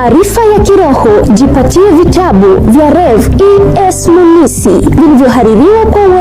maarifa ya kiroho, jipatie vitabu vya Rev E S Munisi vilivyohaririwa kwa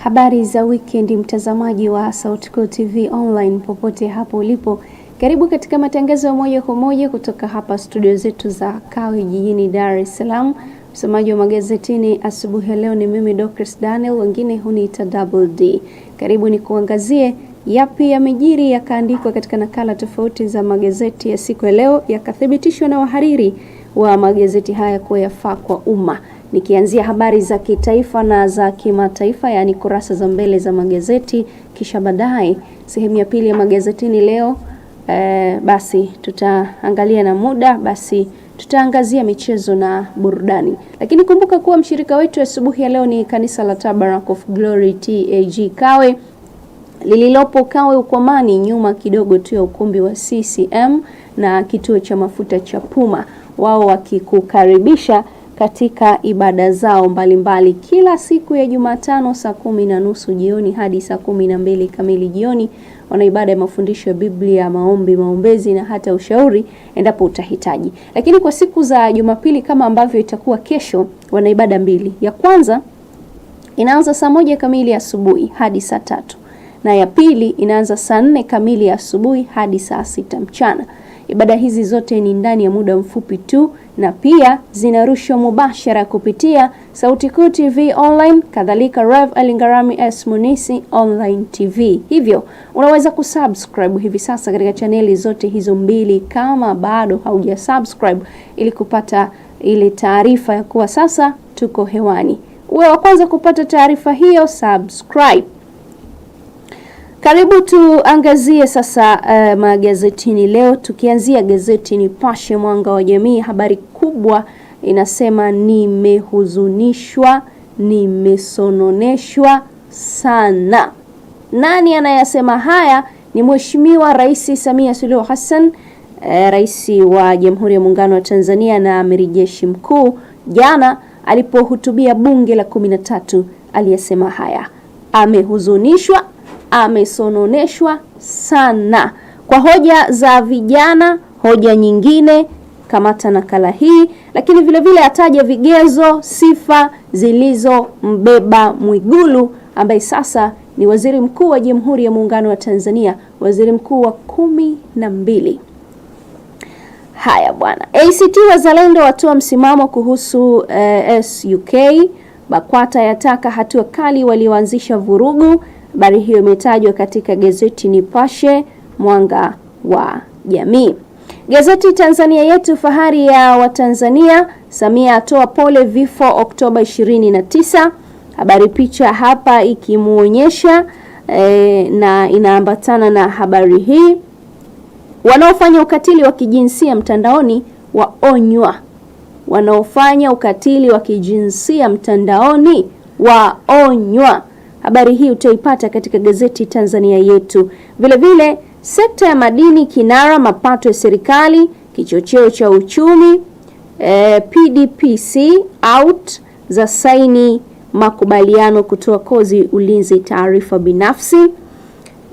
Habari za weekend, mtazamaji wa Sautikuu TV online popote hapo ulipo, karibu katika matangazo ya moja kwa moja kutoka hapa studio zetu za Kawe jijini Dar es Salaam. Msomaji wa magazetini asubuhi ya leo ni mimi Dorcas Daniel, wengine huniita Double D. Karibu ni kuangazie yapi yamejiri yakaandikwa katika nakala tofauti za magazeti ya siku ya leo, yakathibitishwa na wahariri wa magazeti haya kuwa yafaa kwa umma nikianzia habari za kitaifa na za kimataifa, yaani kurasa za mbele za magazeti, kisha baadaye sehemu ya pili ya magazetini leo. E, basi tutaangalia na muda, basi tutaangazia michezo na burudani, lakini kumbuka kuwa mshirika wetu asubuhi ya leo ni kanisa la Tabernacle of Glory TAG Kawe lililopo Kawe Ukwamani, nyuma kidogo tu ya ukumbi wa CCM na kituo cha mafuta cha Puma, wao wakikukaribisha katika ibada zao mbalimbali mbali, kila siku ya Jumatano saa kumi na nusu jioni hadi saa kumi na mbili kamili jioni. Wana ibada ya mafundisho ya Biblia, maombi, maombezi na hata ushauri endapo utahitaji. Lakini kwa siku za Jumapili kama ambavyo itakuwa kesho, wana ibada mbili. Ya kwanza inaanza saa moja kamili asubuhi hadi saa tatu na ya pili inaanza saa nne kamili asubuhi hadi saa sita mchana. Ibada hizi zote ni ndani ya muda mfupi tu na pia zinarushwa mubashara kupitia Sauti Kuu TV online, kadhalika Rev Alingarami S Munisi online TV. Hivyo unaweza kusubscribe hivi sasa katika chaneli zote hizo mbili kama bado hauja subscribe, ili kupata ile taarifa ya kuwa sasa tuko hewani. Uwe wa kwanza kupata taarifa hiyo, subscribe. Karibu tuangazie sasa uh, magazetini leo, tukianzia gazeti Nipashe Mwanga wa Jamii. Habari kubwa inasema nimehuzunishwa, nimesononeshwa sana. Nani anayasema haya? Ni Mheshimiwa Rais Samia Suluhu Hassan, uh, Rais wa Jamhuri ya Muungano wa Tanzania na Amiri Jeshi Mkuu, jana alipohutubia bunge la 13 aliyasema haya. Amehuzunishwa amesononeshwa sana kwa hoja za vijana, hoja nyingine Kamata nakala hii, lakini vilevile ataje vigezo, sifa zilizombeba Mwigulu ambaye sasa ni waziri mkuu wa Jamhuri ya Muungano wa Tanzania, waziri mkuu wa kumi na mbili. Haya bwana, ACT Wazalendo watoa msimamo kuhusu eh, SUK. BAKWATA yataka hatua kali walioanzisha vurugu Habari hiyo imetajwa katika gazeti Nipashe, Mwanga wa Jamii. Gazeti Tanzania Yetu, fahari ya Watanzania, Samia atoa pole vifo Oktoba 29. Habari picha hapa ikimwonyesha e, eh, na inaambatana na habari hii, wanaofanya ukatili wa kijinsia mtandaoni waonywa. Wanaofanya ukatili wa kijinsia mtandaoni waonywa. Habari hii utaipata katika gazeti Tanzania Yetu. Vilevile, sekta ya madini kinara mapato ya serikali, kichocheo cha uchumi. Eh, PDPC out za saini makubaliano kutoa kozi ulinzi taarifa binafsi.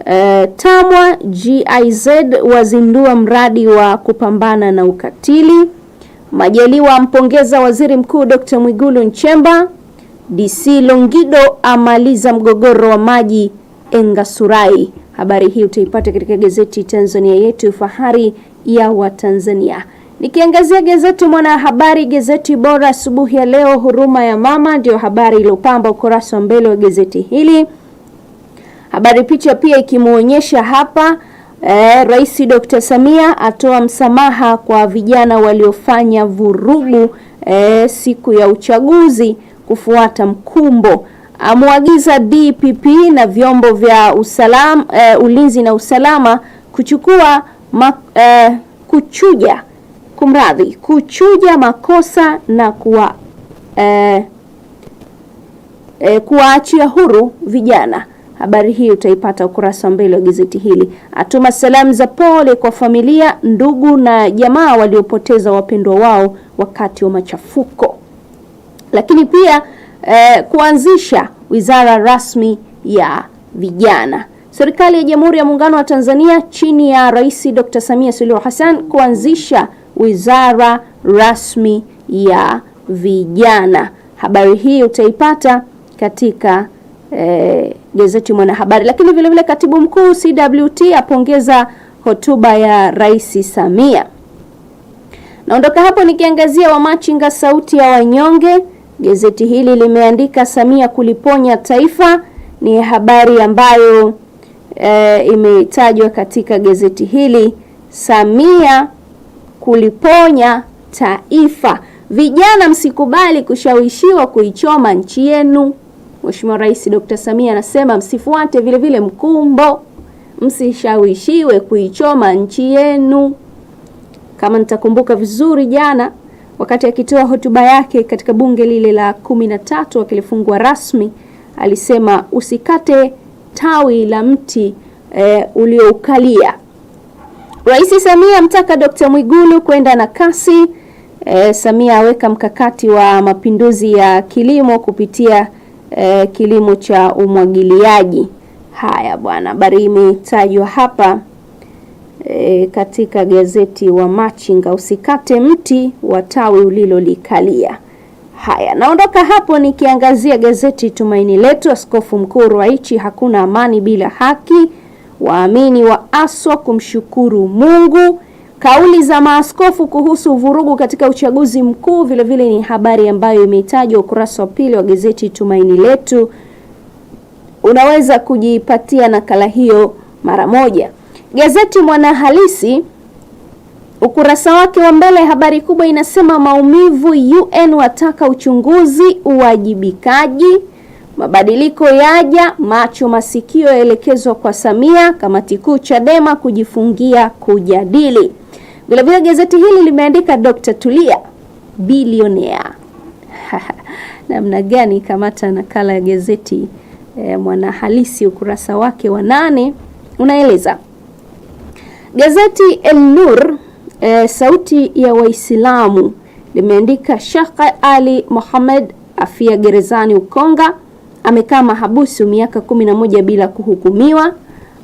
Eh, TAMWA GIZ wazindua mradi wa kupambana na ukatili. Majaliwa ampongeza Waziri Mkuu Dr. Mwigulu Nchemba DC Longido amaliza mgogoro wa maji Engasurai. Habari hii utaipata katika gazeti Tanzania Yetu, fahari ya Watanzania. Nikiangazia gazeti Mwanahabari, gazeti bora asubuhi ya leo, huruma ya mama ndio habari iliyopamba ukurasa wa mbele wa gazeti hili. Habari picha pia ikimwonyesha hapa eh, Rais Dr. Samia atoa msamaha kwa vijana waliofanya vurugu eh, siku ya uchaguzi kufuata mkumbo. Amwagiza DPP na vyombo vya usalama, e, eh, ulinzi na usalama kuchukua ma, e, kuchuja kumradhi, kuchuja makosa na kuwa e, e, kuwaachia huru vijana. Habari hii utaipata ukurasa wa mbele wa gazeti hili. Atuma salamu za pole kwa familia, ndugu na jamaa waliopoteza wapendwa wao wakati wa machafuko lakini pia eh, kuanzisha wizara rasmi ya vijana. Serikali ya Jamhuri ya Muungano wa Tanzania chini ya Rais Dr. Samia Suluhu Hassan kuanzisha wizara rasmi ya vijana. Habari hii utaipata katika eh, gazeti Mwanahabari, lakini vile vile katibu mkuu CWT apongeza hotuba ya Rais Samia. Naondoka hapo nikiangazia wamachinga sauti ya wanyonge. Gazeti hili limeandika Samia kuliponya taifa, ni habari ambayo e, imetajwa katika gazeti hili. Samia kuliponya taifa, vijana msikubali kushawishiwa kuichoma nchi yenu. Mheshimiwa Rais Dr. Samia anasema msifuate vile vile mkumbo, msishawishiwe kuichoma nchi yenu. Kama nitakumbuka vizuri jana Wakati akitoa hotuba yake katika bunge lile la kumi na tatu akilifungua rasmi, alisema usikate tawi la mti e, ulioukalia. Rais Samia amtaka Dkt. Mwigulu kwenda na kasi. E, Samia aweka mkakati wa mapinduzi ya kilimo kupitia e, kilimo cha umwagiliaji. Haya bwana, habari imetajwa hapa e, katika gazeti wa Machinga, usikate mti wa tawi ulilolikalia. Haya, naondoka hapo nikiangazia gazeti Tumaini Letu. Askofu Mkuu Ruwaichi, hakuna amani bila haki, waamini waaswa kumshukuru Mungu. Kauli za maaskofu kuhusu vurugu katika uchaguzi mkuu vilevile vile ni habari ambayo imetajwa ukurasa wa pili wa gazeti Tumaini Letu. Unaweza kujipatia nakala hiyo mara moja. Gazeti Mwanahalisi ukurasa wake wa mbele, habari kubwa inasema maumivu, UN wataka uchunguzi, uwajibikaji, mabadiliko yaja, macho masikio yaelekezwa kwa Samia, kamati kuu Chadema kujifungia kujadili. Vilevile gazeti hili limeandika Dr. Tulia bilionea namna gani? Kamata nakala ya gazeti eh, Mwanahalisi ukurasa wake wa nane unaeleza Gazeti El Nur e, sauti ya Waislamu limeandika Sheikh Ali Mohamed afia gerezani Ukonga, amekaa mahabusu miaka 11 bila kuhukumiwa,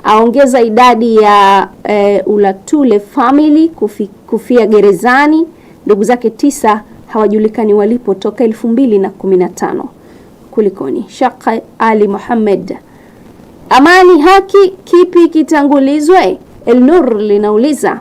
aongeza idadi ya e, Ulatule family kufi, kufia gerezani, ndugu zake tisa hawajulikani walipo toka 2015. Kulikoni? Sheikh Ali Mohamed, amani haki, kipi kitangulizwe? Elnur linauliza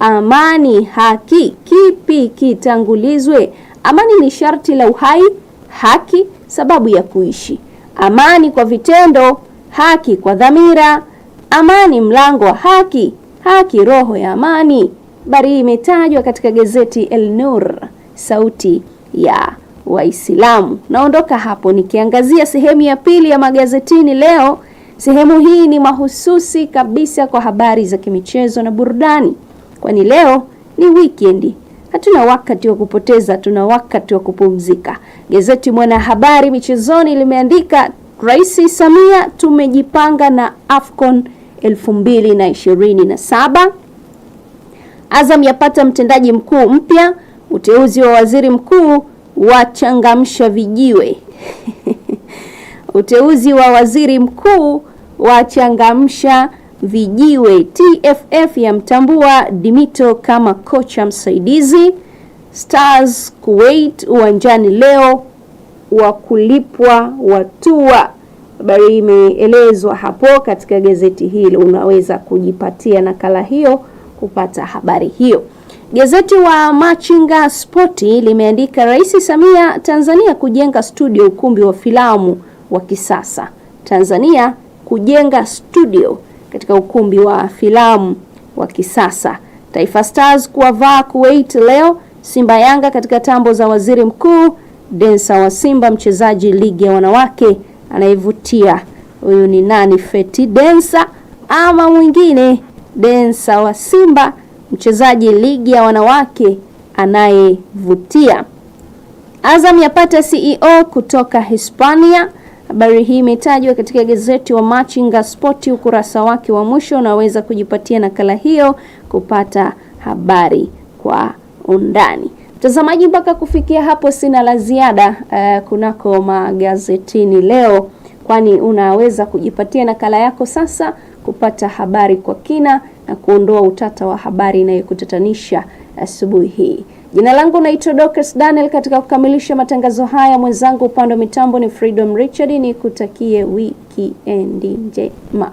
amani, haki, kipi kitangulizwe? Amani ni sharti la uhai, haki sababu ya kuishi, amani kwa vitendo, haki kwa dhamira, amani mlango wa haki, haki roho ya amani. Habari hii imetajwa katika gazeti El Nur, sauti ya Waislamu. Naondoka hapo nikiangazia sehemu ya pili ya magazetini leo. Sehemu hii ni mahususi kabisa kwa habari za kimichezo na burudani, kwani leo ni wikendi. Hatuna wakati wa kupoteza, tuna wakati wa kupumzika. Gazeti Mwanahabari michezoni limeandika Rais Samia, tumejipanga na AFCON 2027. Azam yapata mtendaji mkuu mpya. Uteuzi wa waziri mkuu wachangamsha vijiwe Uteuzi wa waziri mkuu wa changamsha vijiwe. TFF yamtambua Dimito kama kocha msaidizi. Stars Kuwait uwanjani leo wa kulipwa watua. Habari imeelezwa hapo katika gazeti hili, unaweza kujipatia nakala hiyo kupata habari hiyo. Gazeti wa Machinga Spoti limeandika Rais Samia Tanzania kujenga studio ukumbi wa filamu wa kisasa Tanzania kujenga studio katika ukumbi wa filamu wa kisasa. Taifa Stars kuwavaa Kuwait leo. Simba Yanga katika tambo za waziri mkuu. Densa wa Simba mchezaji ligi ya wanawake anayevutia huyu ni nani? Feti Densa ama mwingine? Densa wa Simba mchezaji ligi ya wanawake anayevutia. Azam yapata CEO kutoka Hispania. Habari hii imetajwa katika gazeti wa Machinga Spoti ukurasa wake wa mwisho. Unaweza kujipatia nakala hiyo kupata habari kwa undani. Mtazamaji, mpaka kufikia hapo sina la ziada uh, kunako magazetini leo, kwani unaweza kujipatia nakala yako sasa kupata habari kwa kina na kuondoa utata wa habari inayokutatanisha asubuhi hii. Jina langu naitwa Dorcas Daniel. Katika kukamilisha matangazo haya, mwenzangu upande wa mitambo ni Freedom Richard, ni kutakie wikiendi njema.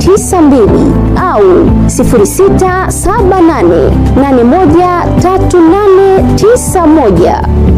92 au 0678813891.